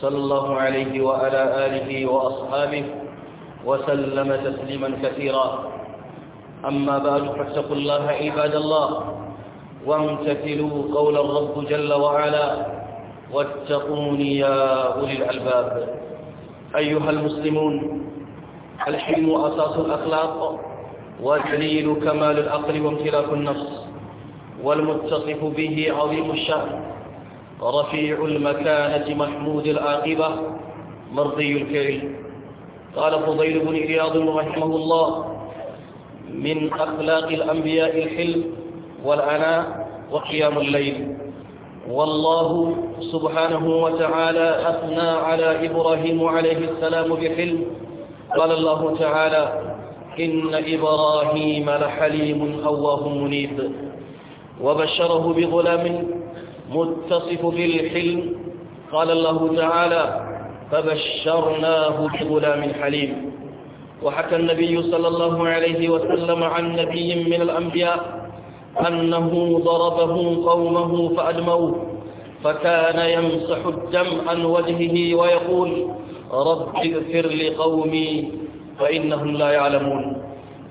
صلى الله عليه وعلى آله وأصحابه وسلم تسليما كثيرا أما بعد فاتقوا الله عباد الله وامتثلوا قول الرب جل وعلا واتقوني يا أولي الألباب أيها المسلمون الحلم أساس الأخلاق ودليل كمال العقل وامتلاك النفس والمتصف به عظيم الشأن رفيع المكانة محمود العاقبة مرضي الكريم قال فضيل بن عياض رحمه الله من أخلاق الأنبياء الحلم والعناء وقيام الليل والله سبحانه وتعالى أثنى على إبراهيم عليه السلام بحلم قال الله تعالى إن إبراهيم لحليم أواه منيب وبشره بغلام متصف بالحلم قال الله تعالى فبشرناه بغلام حليم وحكى النبي صلى الله عليه وسلم عن نبي من الأنبياء أنه ضربه قومه فأدموه فكان يمسح الدم عن وجهه ويقول رب اغفر لقومي فإنهم لا يعلمون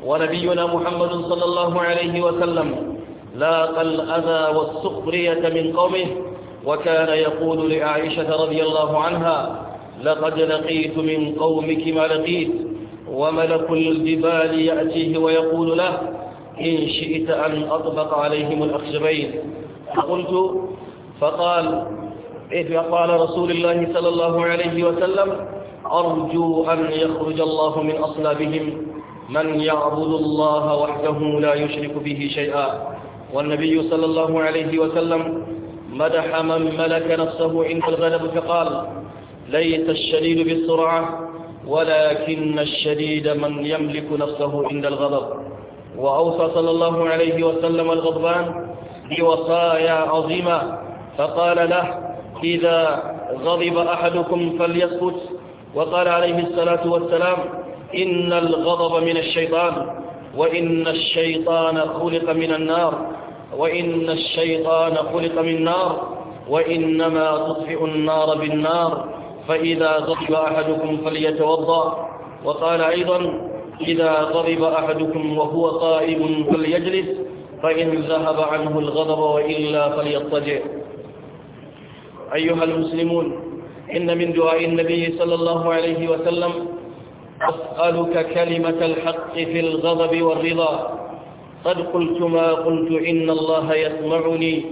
ونبينا محمد صلى الله عليه وسلم لاقى الأذى والسخرية من قومه وكان يقول لعائشة رضي الله عنها لقد لقيت من قومك ما لقيت وملك الجبال يأتيه ويقول له إن شئت أن أطبق عليهم الأخشبين فقلت فقال إذ قال رسول الله صلى الله عليه وسلم أرجو أن يخرج الله من أصلابهم من يعبد الله وحده لا يشرك به شيئا والنبي صلى الله عليه وسلم مدح من ملك نفسه عند الغلب فقال ليت الشديد بالسرعة ولكن الشديد من يملك نفسه عند الغضب وأوصى صلى الله عليه وسلم الغضبان بوصايا عظيمة فقال له إذا غضب أحدكم فليسكت وقال عليه الصلاة والسلام إن الغضب من الشيطان وإن الشيطان خلق من النار وإن الشيطان خلق من نار وإنما تطفئ النار بالنار فإذا غضب أحدكم فليتوضأ وقال أيضا إذا غضب أحدكم وهو قائم فليجلس فإن ذهب عنه الغضب وإلا فليضطجع أيها المسلمون إن من دعاء النبي صلى الله عليه وسلم أسألك كلمة الحق في الغضب والرضا قد قلت ما قلت إن الله يسمعني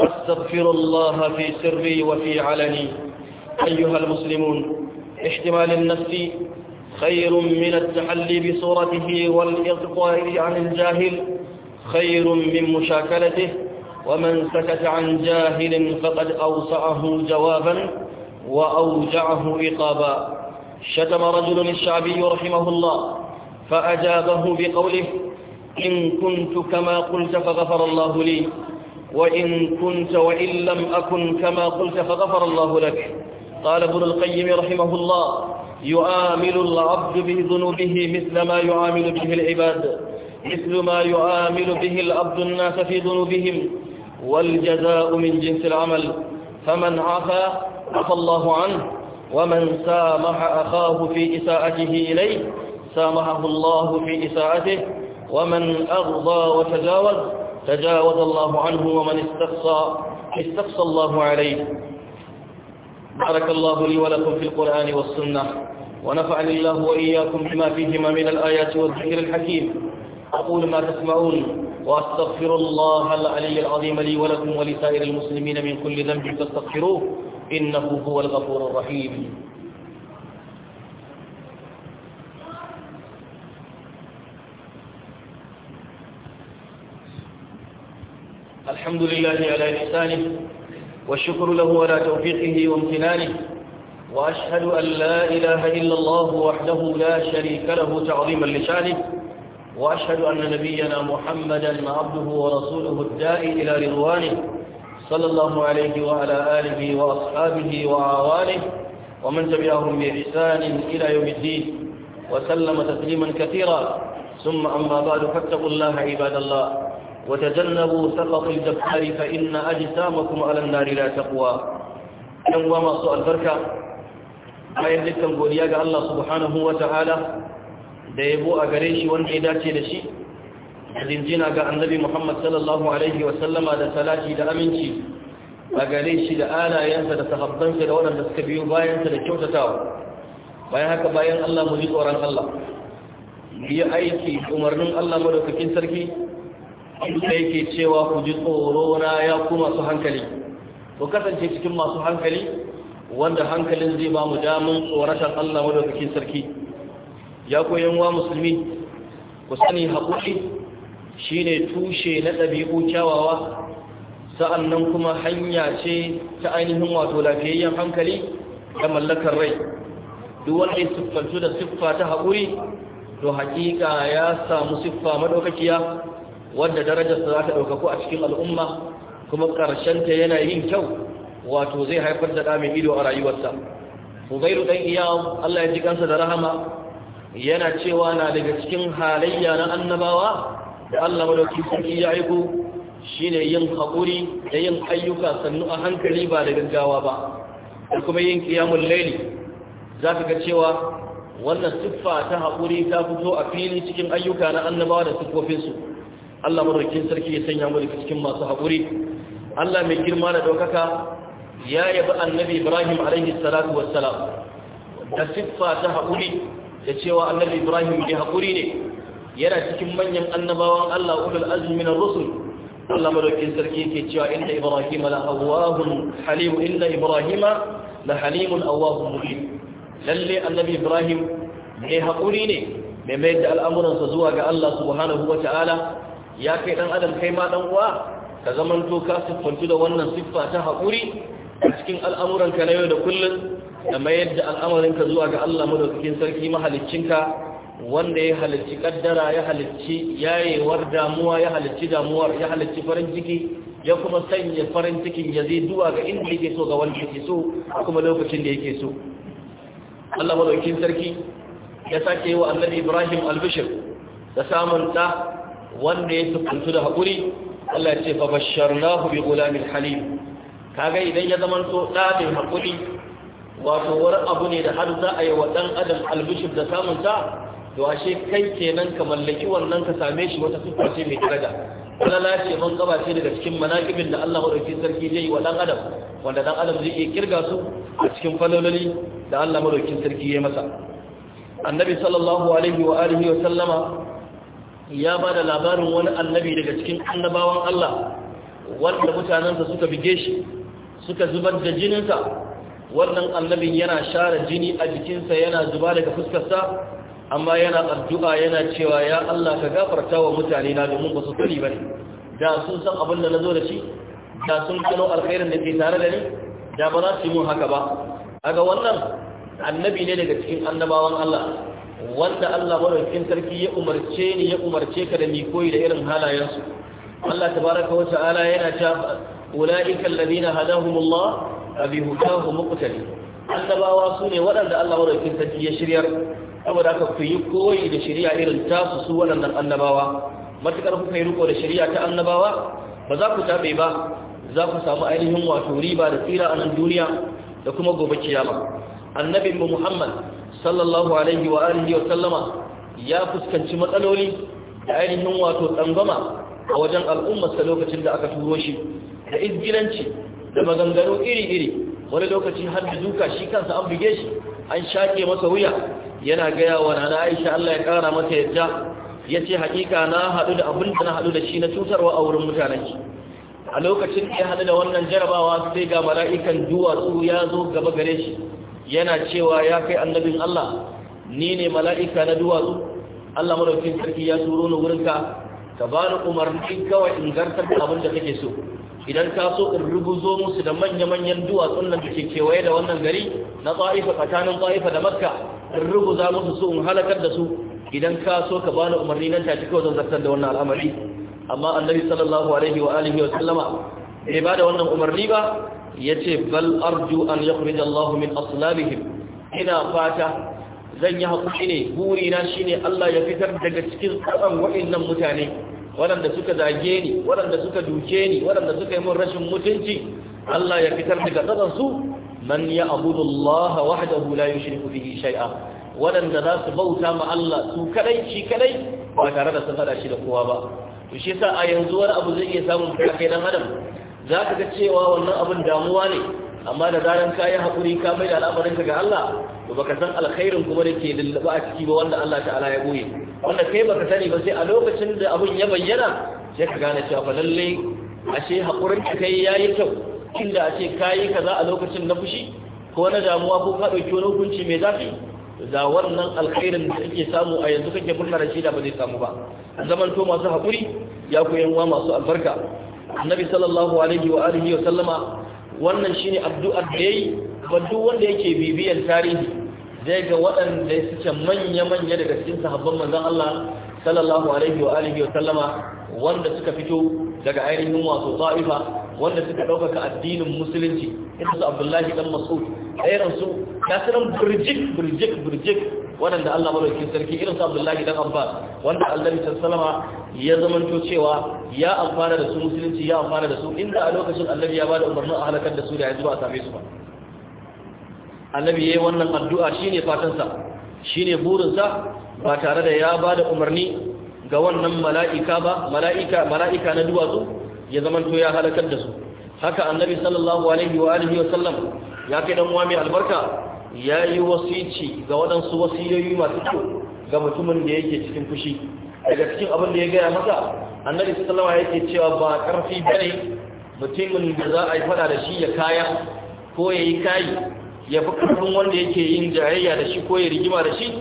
واستغفر الله في سري وفي علني أيها المسلمون احتمال النفس خير من التحلي بصورته والإغفار عن الجاهل خير من مشاكلته ومن سكت عن جاهل فقد أوسعه جوابا وأوجعه إقابا شتم رجل الشعبي رحمه الله فأجابه بقوله إن كنت كما قلت فغفر الله لي وإن كنت وإن لم أكن كما قلت فغفر الله لك قال ابن القيم رحمه الله يعامل العبد بذنوبه مثل ما يعامل به العباد مثل ما يعامل به العبد الناس في ذنوبهم والجزاء من جنس العمل فمن عفا عفى الله عنه ومن سامح أخاه في إساءته إليه سامحه الله في إساءته ومن أرضى وتجاوز تجاوز الله عنه ومن استقصى استقصى الله عليه بارك الله لي ولكم في القرآن والسنة ونفعني الله وإياكم بما فيهما من الآيات والذكر الحكيم أقول ما تسمعون وأستغفر الله العلي العظيم لي ولكم ولسائر المسلمين من كل ذنب فاستغفروه إنه هو الغفور الرحيم الحمد لله على إحسانه والشكر له على توفيقه وامتنانه وأشهد أن لا إله إلا الله وحده لا شريك له تعظيما لشانه وأشهد أن نبينا محمدا عبده ورسوله الدائي إلى رضوانه صلى الله عليه وعلى آله وأصحابه وأعوانه ومن تبعهم بإحسان إلى يوم الدين وسلم تسليما كثيرا ثم أما بعد فاتقوا الله عباد الله وتجنبوا سقط الجبار فإن أجسامكم على النار لا تقوى ينوى ما سؤال بركة ما يهلكم a الله سبحانه وتعالى ديبو dace وانعداتي لشي zinjina ga annabi Muhammad sallallahu alaihi wa sallama da salati da aminci a gare shi da alayensa da sahabbansa da waɗanda suka biyo bayansa da kyautatawa bayan haka bayan Allah mu ji tsoron Allah biya aiki umarnin Allah madaukakin sarki inda yake cewa ku ji tsoro na ya ku masu hankali ku kasance cikin masu hankali wanda hankalin zai ba mu damun tsoron Allah madaukakin sarki ya koyan wa musulmi ku sani haƙuri shine tushe na ɗabi'u kyawawa sa'annan kuma hanya ce ta ainihin wato lafiyayyen hankali da mallakar rai duk wanda ya siffantu da siffa ta haƙuri to haƙiƙa ya samu siffa madaukakiya wanda darajarsa za ta ɗaukaku a cikin al'umma kuma ƙarshenta yana yin kyau wato zai haifar da ɗamin ido a rayuwarsa huzairu ɗan iyawu allah ya ji kansa da rahama yana cewa na daga cikin halayya na annabawa da allah madauki sarki ya aiko shine yin haƙuri da yin ayyuka sannu a hankali ba da gaggawa ba da kuma yin ƙiyamun laili za ka ga cewa wannan siffa ta haƙuri ta fito a fili cikin ayyuka na annabawa da siffofinsu Allah madaukakin sarki ya sanya mu cikin masu haƙuri Allah mai girma da ɗaukaka ya yabi annabi Ibrahim alaihi salatu wassalam da siffa ta haƙuri da cewa annabi Ibrahim ya haƙuri ne yana cikin manyan annabawan Allah ulul azmi min rusul Allah madaukakin sarki yake cewa inda Ibrahim la awwahun halim inna Ibrahim la halimun lalle annabi Ibrahim mai haƙuri ne mai mayar da al'amuransa zuwa ga Allah subhanahu wa ta'ala ya kai dan adam kai ma dan uwa ka zaman to ka siffantu da wannan siffa ta haƙuri a cikin al'amuranka na yau da kullum da mayar da al'amarinka zuwa ga Allah cikin sarki mahaliccinka wanda ya halicci kaddara ya halicci yayewar damuwa ya halicci damuwar ya halicci farin ciki ya kuma sanya farin cikin ya zai duwa ga inda yake so ga wanda yake so kuma lokacin da yake so Allah cikin sarki ya sake yi wa annabi Ibrahim Al-Bashir da samun ɗa wanda ya tukuntu da haƙuri Allah ya ce fa basharnahu bi gulamin halim kaga idan ya zama so da mai haƙuri wato wani abu ne da har za a yi wa ɗan adam albishir da samun sa? to ashe kai kenan ka mallaki wannan ka same shi wata siffa ce mai daraja wala ce man gaba ce daga cikin manakibin da Allah madaukakin sarki zai yi wa ɗan adam wanda ɗan adam zai iya kirga su a cikin falololi da Allah madaukakin sarki ya masa annabi sallallahu alaihi wa alihi wa sallama ya ba da labarin wani annabi daga cikin annabawan Allah wanda mutanensa suka bige shi suka zubar da jininsa wannan annabin yana share jini a jikinsa yana zuba daga fuskarsa amma yana addu'a yana cewa ya Allah ka gafarta wa mutane na domin ba su sani ba ne da sun san abin da na zo da shi da sun kano alkhairin da ke tare da ni da ba za su yi mun haka ba aga wannan annabi ne daga cikin annabawan Allah wanda Allah madaukakin sarki ya umarce ni ya umarce ka da mi koyi da irin halayensu Allah tabaraka wa ta'ala yana ta ulaika alladhina hadahumullah abi hudahu muqtali annabawa sune waɗanda Allah madaukakin sarki ya shiryar saboda aka ku yi koyi da shari'a irin tasu su annabawa matukar kuka yi riko da shari'a ta annabawa ba za ku tabe ba za ku samu ainihin wato riba da tsira a nan duniya da kuma gobe kiyama annabin mu Muhammad sallallahu alaihi wa alihi wa sallama ya fuskanci matsaloli da ainihin wato tsangwama a wajen al'ummarsa lokacin da aka turo shi da izgilanci da maganganu iri-iri wani lokaci har da duka shi kansa an buge shi an shaƙe masa wuya yana gaya wa nana aisha Allah ya ƙara masa yadda ya ce haƙiƙa na haɗu da abin da na haɗu da shi na cutarwa a wurin mutanen a lokacin da ya haɗu da wannan jarabawa sai ga mala'ikan duwatsu ya zo gaba gare shi yana cewa ya kai annabin Allah ni ne mala'ika na duwatsu Allah madaukin sarki ya turo ni wurinka ka ba ni umarni kawai in gartar da abin da kake so idan ka so in rubuzo musu da manya-manyan duwatsun nan da ke kewaye da wannan gari na tsa'ifa tsakanin tsa'ifa da makka in rubuza musu su in halakar da su idan ka so ka ba ni umarni nan ci kawai zan zartar da wannan al'amari amma annabi sallallahu alaihi wa alihi wa sallama bai ba da wannan umarni ba ya ce bal arju an ya Allah min aslabihim ina fata zan yi haƙuri ne buri shi ne Allah ya fitar daga cikin tsaron waɗannan mutane waɗanda suka zage ni waɗanda suka duke ni waɗanda suka yi min rashin mutunci Allah ya fitar daga tsaron su man ya abudu Allah wahdahu la yushriku bihi shay'a waɗanda za su bauta ma Allah su kadai shi kadai ba tare da sun hada shi da kowa ba to shi yasa a yanzu wani abu zai iya samun kai dan adam za ka ga cewa wannan abin damuwa ne amma da zaran ka yi haƙuri ka mai da al'amarinka ga Allah to baka san alkhairin kuma da ke lullaba a ciki ba wanda Allah ta'ala ya goye wanda kai baka sani ba sai a lokacin da abin ya bayyana sai ka gane cewa lalle ashe haƙurin ka kai yayi kyau inda ashe kayi kaza a lokacin na fushi ko na damuwa ko ka dauki wani hukunci mai zafi da wannan alkhairin da kake samu a yanzu kake murna da shi da ba zai samu ba zaman to masu haƙuri ya koyan wa masu albarka annabi sallallahu alaihi wa alihi wa sallama wannan shine addu'ar da yayi ba duk wanda yake bibiyan tarihi zai ga waɗanda suke manya-manya daga cikin sahabban manzon Allah sallallahu alaihi wa alihi wa sallama wanda suka fito daga ainihin wato ta'ifa wanda suka ɗaukaka addinin musulunci irin Abdullahi dan Mas'ud da irin su nasirin birjik birjik birjik waɗanda Allah malauki sarki irin su Abdullahi dan Abbas wanda Allah sallama ya zamanto cewa ya amfana da su musulunci ya amfana da su inda a lokacin Allah ya bada umarnin a halakar da su da yanzu ba a same su ba annabi yi wannan addu'a shine fatan sa shine burin sa ba tare da ya bada umarni ga wannan mala'ika ba mala'ika mala'ika na duwatsu ya zamanto ya halakar da su haka annabi sallallahu alaihi wa alihi wa sallam ya kai dan uwa albarka ya yi wasici ga waɗansu wasiyoyi masu kyau ga mutumin da yake cikin fushi daga cikin abin da ya gaya masa annabi sallama yake cewa ba karfi bane mutumin da za a yi faɗa da shi ya kaya ko ya yi kayi ya fi karfin wanda yake yin jayayya da shi ko ya rigima da shi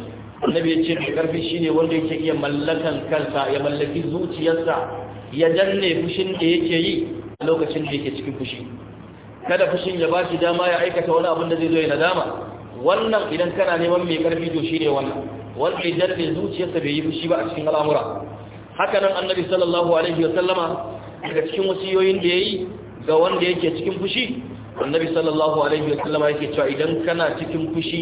annabi ya ce mai karfi shine wanda yake iya mallakan kansa ya mallaki zuciyarsa ya danne fushin da yake yi a lokacin da yake cikin fushi kada fushin ya bashi dama ya aikata wani abin da zai zo ya nadama wannan idan kana neman mai karfi to shine wannan wanda idan ne zuciyarsa bai yi fushi ba a cikin al'amura haka nan annabi sallallahu alaihi wa sallama daga cikin wasiyoyin da yayi ga wanda yake cikin fushi annabi sallallahu alaihi wa sallama yake cewa idan kana cikin fushi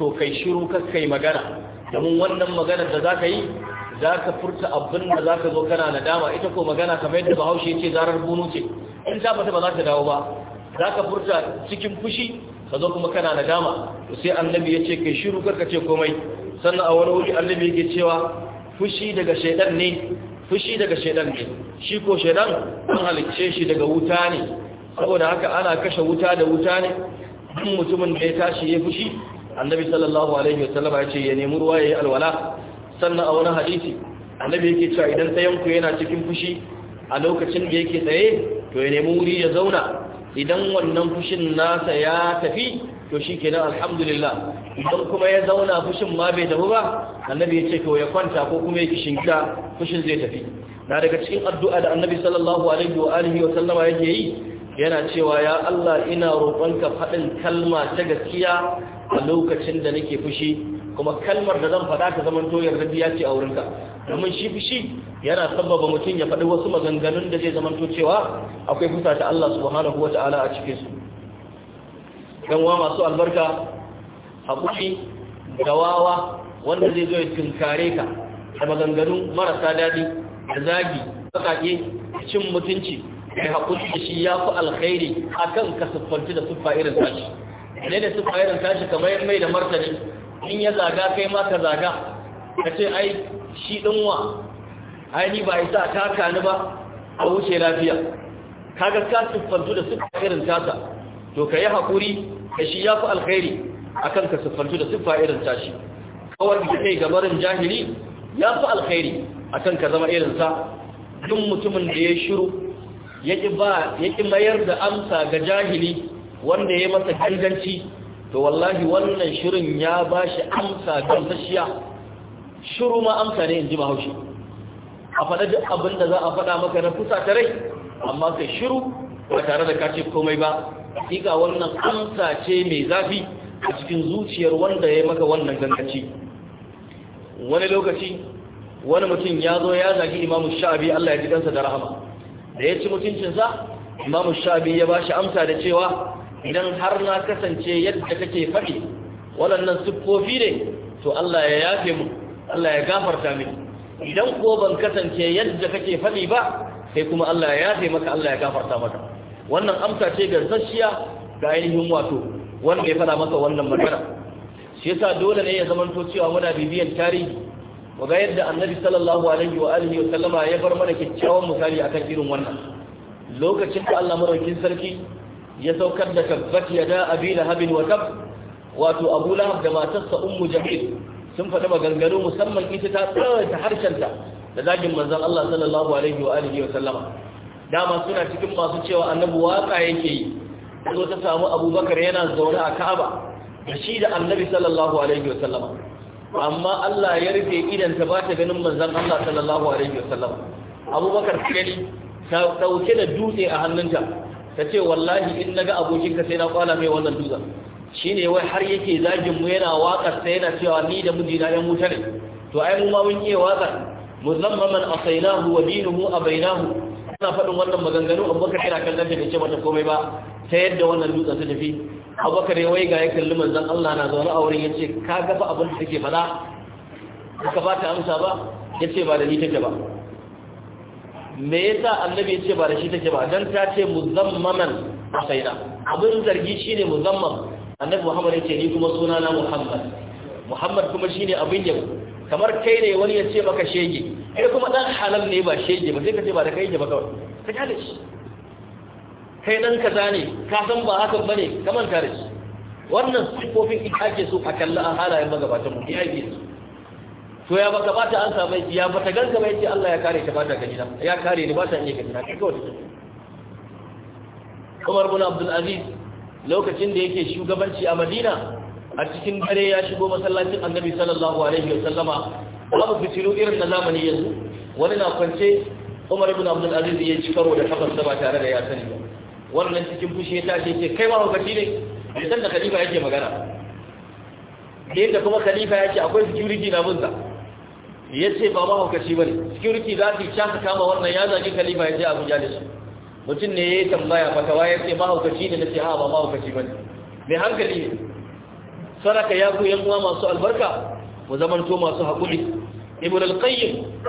to kai shiru kai magana domin wannan magana da zaka yi za ka furta abin da za ka zo kana nadama ita ko magana kamar yadda bahaushe ce zarar bunu ce in ta fata ba za ta dawo ba za ka furta cikin fushi ka zo kuma kana nadama dama sai annabi ya ce kai shiru karka ce komai sannan a wani wuri annabi yake cewa fushi daga shaidan ne fushi daga shaidan ne shi ko shaidan an halicce shi daga wuta ne saboda haka ana kashe wuta da wuta ne duk mutumin da ya tashi ya fushi annabi sallallahu alaihi wasallam ya ce ya nemi ruwa ya yi alwala sannan a wani hadisi annabi yake cewa idan tsayanku yana cikin fushi a lokacin da yake tsaye to ya nemi wuri ya zauna idan wannan fushin nasa ya tafi to shi kenan alhamdulillah idan kuma ya zauna fushin ma bai tafi ba annabi ya ce ko ya kwanta ko kuma ya kishinka fushin zai tafi na daga cikin addu'a da annabi sallallahu alaihi wa alihi wa sallama yake yi yana cewa ya Allah ina roƙonka faɗin kalma ta gaskiya a lokacin da nake fushi kuma kalmar da zan faɗa ta zaman to yarda ce a wurinka domin shi fushi yana sababa mutum ya faɗi wasu maganganun da zai zaman to cewa akwai fusa ta Allah subhanahu wa ta'ala a cikin su dan wa masu albarka hakuri da wanda zai zo ya tunkare ka da maganganun marasa daɗi da zagi sakake cin mutunci kai hakuri da shi ya fi alkhairi akan ka siffanci da siffa irin tashi ne da siffa irin tashi kamar mai da martani in ya zaga kai ma ka zaga ka ce ai shi ɗinwa ai ni ba isa ka ni ba a wuce lafiya kaga ka siffantu da siffa irin tasa to ka yi haƙuri da shi ya fi alkhairi akan ka siffantu da siffa irin tashi kawar da kai gabarin jahili ya alkhairi akan ka zama irin sa. duk mutumin da ya shiru ya ƙi mayar da amsa ga jahili wanda ya masa ganganci to wallahi wannan shirin ya ba shi amsa gamsashiya shiru ma amsa ne in ji bahaushe a faɗa duk abin da za a faɗa maka na kusa ta rai amma kai shiru ba tare da kace komai ba hakika wannan amsa ce mai zafi a cikin zuciyar wanda ya maka wannan gangaci wani lokaci wani mutum ya zo ya zagi imamu sha'abi Allah ya ji kansa da rahama da ya ci mutuncinsa imamu sha'abi ya ba shi amsa da cewa idan har na kasance yadda kake faɗi waɗannan siffofi ne to Allah ya yafe mu Allah ya gafarta mini idan ko ban kasance yadda kake faɗi ba sai kuma Allah ya yafe maka Allah ya gafarta maka wannan amsa ce garsashiya ga ainihin wato wanda ya faɗa maka wannan magana shi yasa dole ne ya zamanto cewa muna bibiyan tarihi mu ga yadda annabi sallallahu alaihi wa alihi wa sallama ya bar mana kyakkyawan misali akan irin wannan lokacin da Allah maraukin sarki ya saukar da tabbat da abi lahabin wa tab wato abu lahab da matarsa ummu jahil sun faɗi maganganu musamman ita ta tsawaita harshenta da zagin manzan Allah sallallahu alaihi wa alihi wa sallama dama suna cikin masu cewa annabi waka yake yi zo ta samu abubakar yana zaune a ka'aba da shi da annabi sallallahu alaihi wa sallama amma Allah ya rufe idan ta ba ta ganin manzan Allah sallallahu alaihi wa sallama abubakar kani ta dauke da dutse a hannunta ta ce wallahi in na ga abokinka sai na kwana mai wannan dutsen shi ne wai har yake zagin mu yana waƙar sai yana cewa ni da mudina yan wuta ne to ai mu ma mun iya waƙar muzammaman asainahu wa dinuhu bainahu. ana faɗin wannan maganganu abubakar yana kallon ta ce mata komai ba ta yadda wannan dutsen ta tafi abubakar ya wai ga ya kalli manzan Allah na zaune a wurin ce ka gafa abin da kake faɗa ka ba ta amsa ba yace ba da ni take ba me yasa annabi yace ba da shi take ba dan ta ce muzammaman asaina abin zargi shine muzammam annabi Muhammad yace ni kuma suna na Muhammad Muhammad kuma shine abin yabo kamar kai ne wani yace maka shege kai kuma dan halal ne ba shege ba sai ka ce ba da kai ba kawai ka kale shi kai dan kaza ne ka san ba haka bane kaman tare shi wannan sifofin ita ake so a kalla a halayen magabatan mu ya yi su to ya baka bata an samu ya bata ganka ba yace Allah ya kare ta bata gani na ya kare ni bata iya gani na kai kawai Umar bin Abdul Aziz lokacin da yake shugabanci a Madina a cikin dare ya shigo masallacin Annabi sallallahu alaihi wa sallama babu fitilu irin na zamani yanzu wani na kwance Umar bin Abdul Aziz ya ci karo da kafarsa ba tare da ya sani ba wannan cikin fushi ya tashi ce kai ma hukaci ne bai san da khalifa yake magana da yadda kuma khalifa yake akwai security na bunsa ya ce ba mahaukaci ba ne security za su ka kama wannan ya zagi kalifa ya je abuja da shi mutum ne ya yi tambaya fatawa ya ce ma mahaukaci ne na ce ha ba mahaukaci ba ne mai hankali ne saraka ya ku yankuwa masu albarka mu zamanto masu haƙuri ibn al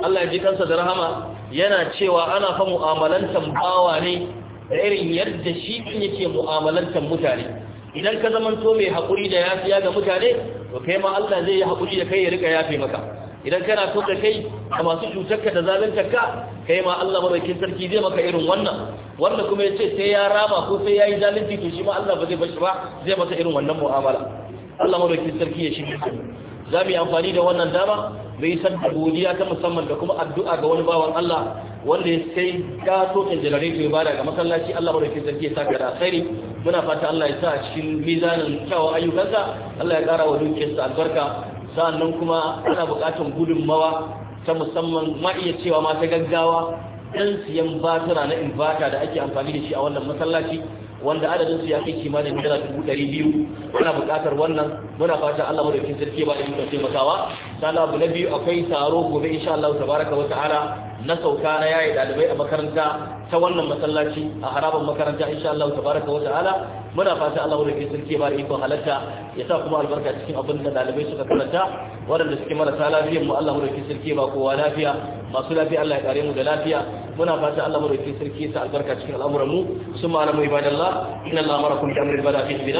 Allah ya ji kansa da rahama yana cewa ana fa mu'amalantan bawa ne da irin yadda shi din yake mu'amalantan mutane idan ka zamanto mai haƙuri da yafiya ga mutane to kai ma Allah zai yi haƙuri da kai ya rika yafe maka idan kana so ka kai a masu cutarka da zalunta ka kai ma Allah madaukin sarki zai maka irin wannan wanda kuma ce sai ya rama ko sai yayi zalunci to shi ma Allah ba zai bashi ba zai maka irin wannan mu'amala Allah madaukin sarki ya shirya su za mu yi amfani da wannan dama mu yi san godiya ta musamman da kuma addu'a ga wani bawan Allah wanda ya sai ga tokin generator ya bada ga masallaci Allah madaukin sarki ya saka da alkhairi muna fata Allah ya sa a cikin mizanin kyawun ayyukansa Allah ya kara wa dukiyarsa albarka sa'annan kuma ana buƙatar gudunmawa ta musamman ma iya cewa ma ta gaggawa ɗan siyan batura na invata da ake amfani da shi a wannan masallaci wanda adadin su ya kai da naira dubu ɗari biyu ana buƙatar wannan muna fatan Allah madaukakin sarki ba da ikon taimakawa sallah abu na biyu akwai taro gobe insha Allah tabaraka wa ta'ala na sauka na yayi dalibai a makaranta ta wannan masallaci a harabar makaranta insha Allah tabaraka wa ta'ala muna fata Allah wurin ke sarki ba iko halatta ya sa kuma albarka cikin abin da dalibai suka karanta waɗanda suke marasa lafiyar mu Allah wurin ke sarki ba kowa lafiya masu lafiya Allah ya kare mu da lafiya muna fata Allah mu roki sarki sa albarka cikin al'amuran mu su alamu ibadallah inna Allah amarakum bi amri al-bala'i bi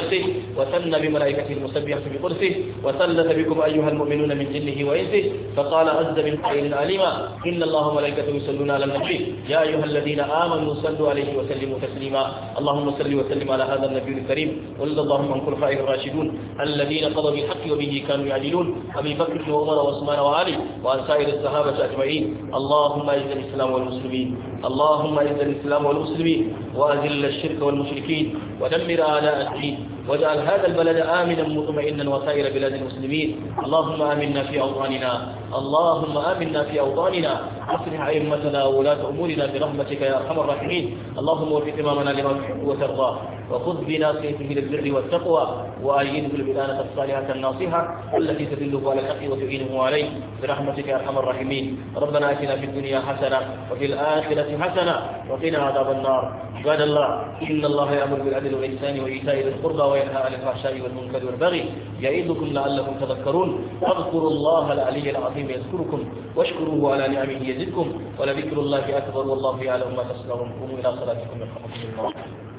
wa sanna bi malaikatihi al bi wa sallata bikum ayyuha al-mu'minuna min jinnihi wa insihi fa qala azza min qailin alima inna Allah malaikatahu yusalluna ala an-nabi ya ayyuha alladhina amanu sallu alayhi wa sallimu taslima اللهم صل وسلم على هذا النبي الكريم وارض اللهم عن خلفائه الراشدون الذين قضوا بالحق وبه كانوا يعدلون ابي بكر وعمر وعثمان وعلي وعن سائر الصحابه اجمعين اللهم اجعل الاسلام والمسلمين اللهم اعز الإسلام والمسلمين وأذل الشرك والمشركين ودمر أعداء الدين واجعل هذا البلد آمنا مطمئنا وسائر بلاد المسلمين اللهم آمنا في أوطاننا اللهم آمنا في أوطاننا أصلح أئمتنا وولاة أمورنا برحمتك يا أرحم الراحمين اللهم وفق إمامنا لما تحب وترضى وخذ بناصيته للبر والتقوى وأيده البلانة الصالحة الناصحة التي تدله على الحق وتعينه عليه برحمتك يا أرحم الراحمين ربنا آتنا في الدنيا حسنة وفي الآخرة حسنة وقنا عذاب النار عباد الله إن الله يأمر بالعدل والإحسان وإيتاء ذي القربى وينهى عن الفحشاء والمنكر والبغي يعظكم لعلكم تذكرون فاذكروا الله العلي العظيم يذكركم واشكروه على نعمه يزدكم ولذكر الله أكبر والله يعلم ما تصنعون قوموا إلى صلاتكم يرحمكم الله